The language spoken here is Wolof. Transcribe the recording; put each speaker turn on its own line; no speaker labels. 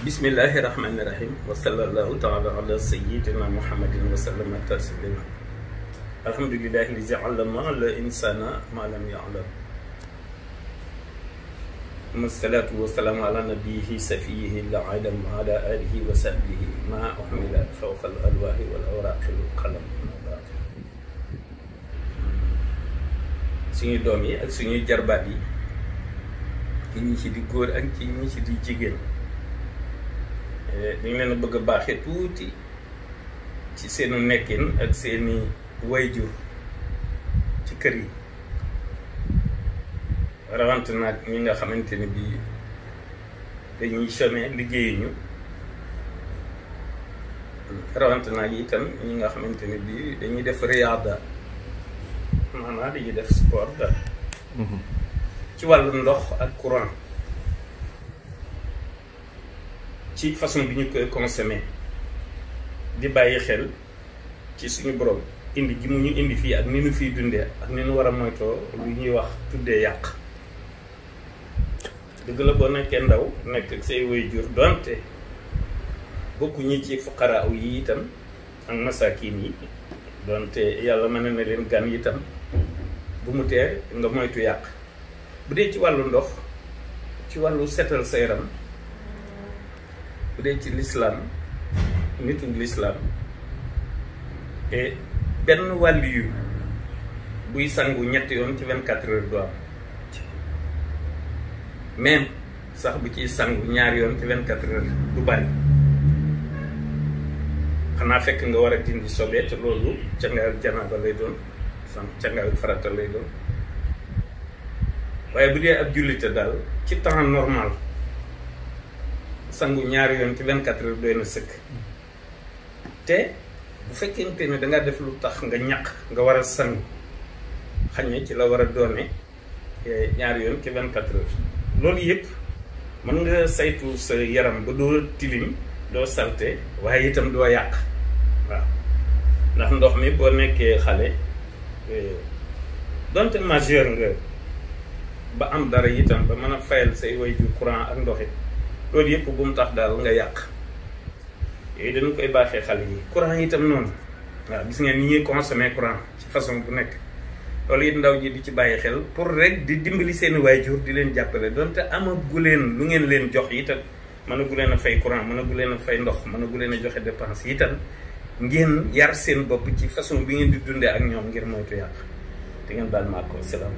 bismillahi rahmani rahim wa sallallahu taala ala sayidina muhammadin wa sallama taslima alhamdulilahi lizi allama al insana ma lam ya'lam wasalaatu wasalaamu ala nabiyihi safiyihi la adam wa ala alihi wa sahbihi ma uhmila fawqa al alwaahi wal awraaqi wal qalam suñuy doom yi ak suñuy jarbaat yi ñi ci di góor ak ci ñi ci di jigéen Eh, ñu ngi leen a bëgg a baaxee tuuti ci seenu nekkin ak seeni wayjur ci kër yi rawante naag ñi nga xamante ni bii dañuy chômer liggéeyuñu rawante naag itam ñi nga xamante ni bii dañuy def riyaada maanaam dañuy def sport daal mhm. ci wàllu ndox ak courant ci façon bi ñu koy consommer di bàyyi xel ci suñu boroom indi ji mu ñu indi fii ak ni ñu fiy dundee ak ni ñu war a moytoo lu ñuy wax tuddee yàq dëgg la boo nekkee ndaw nekk ak say waajur donte bokku ñi ci fuqaraaw yi itam ak masaakiin yi donte yàlla mën na leen gan itam bu mu tee nga moytu yàq bu dee ci wàllu ndox ci wàllu setal sa yaram bu dee ci lislaam nitu lislaam et benn wàlliyu buy sangu ñett yoon ci vingt quatre heures du am même sax bu ciy sangu ñaari yoon ci vingt quatre heures du bari xanaa fekk nga war a dindi sobee te loolu cangaayul janaaba lay doon san cangaayul farata lay doon waaye bu dee ak jullite daal ci temps normal sangu ñaar yoon ci 24 heures doy na sëkk te bu fekkente ne da nga def lu tax nga ñaq nga war a sangu xañ na ci la war a doone eh, ñaar yoon ci 24 heures loolu yëpp mën nga saytu sa yaram ba doo tilim doo salte waaye itam doo yàq waaw ndax ndox mi boo nekkee xale eh, donte majeur nga ba am dara itam ba mën a fayal say way ju courant ak ndoxit loolu yëpp bu mu tax daal nga yàq yooyu dañu koy baaxee xale yi courant yi itam noonu waa gis ngeen ni ñuy consommer courant ci façon bu nekk loolu it ndaw ji di ci bàyyi xel pour rek di dimbali seen waajur di leen jàppale te amagu leen lu ngeen leen jox itam mënagu leen a fay courant mënagu leen a fay ndox mënagu leen a joxe dépense itam ngeen yar seen bopp ci façon bi ngeen di dundee ak ñoom ngir moytu yàq te ngeen baal maa ko salaam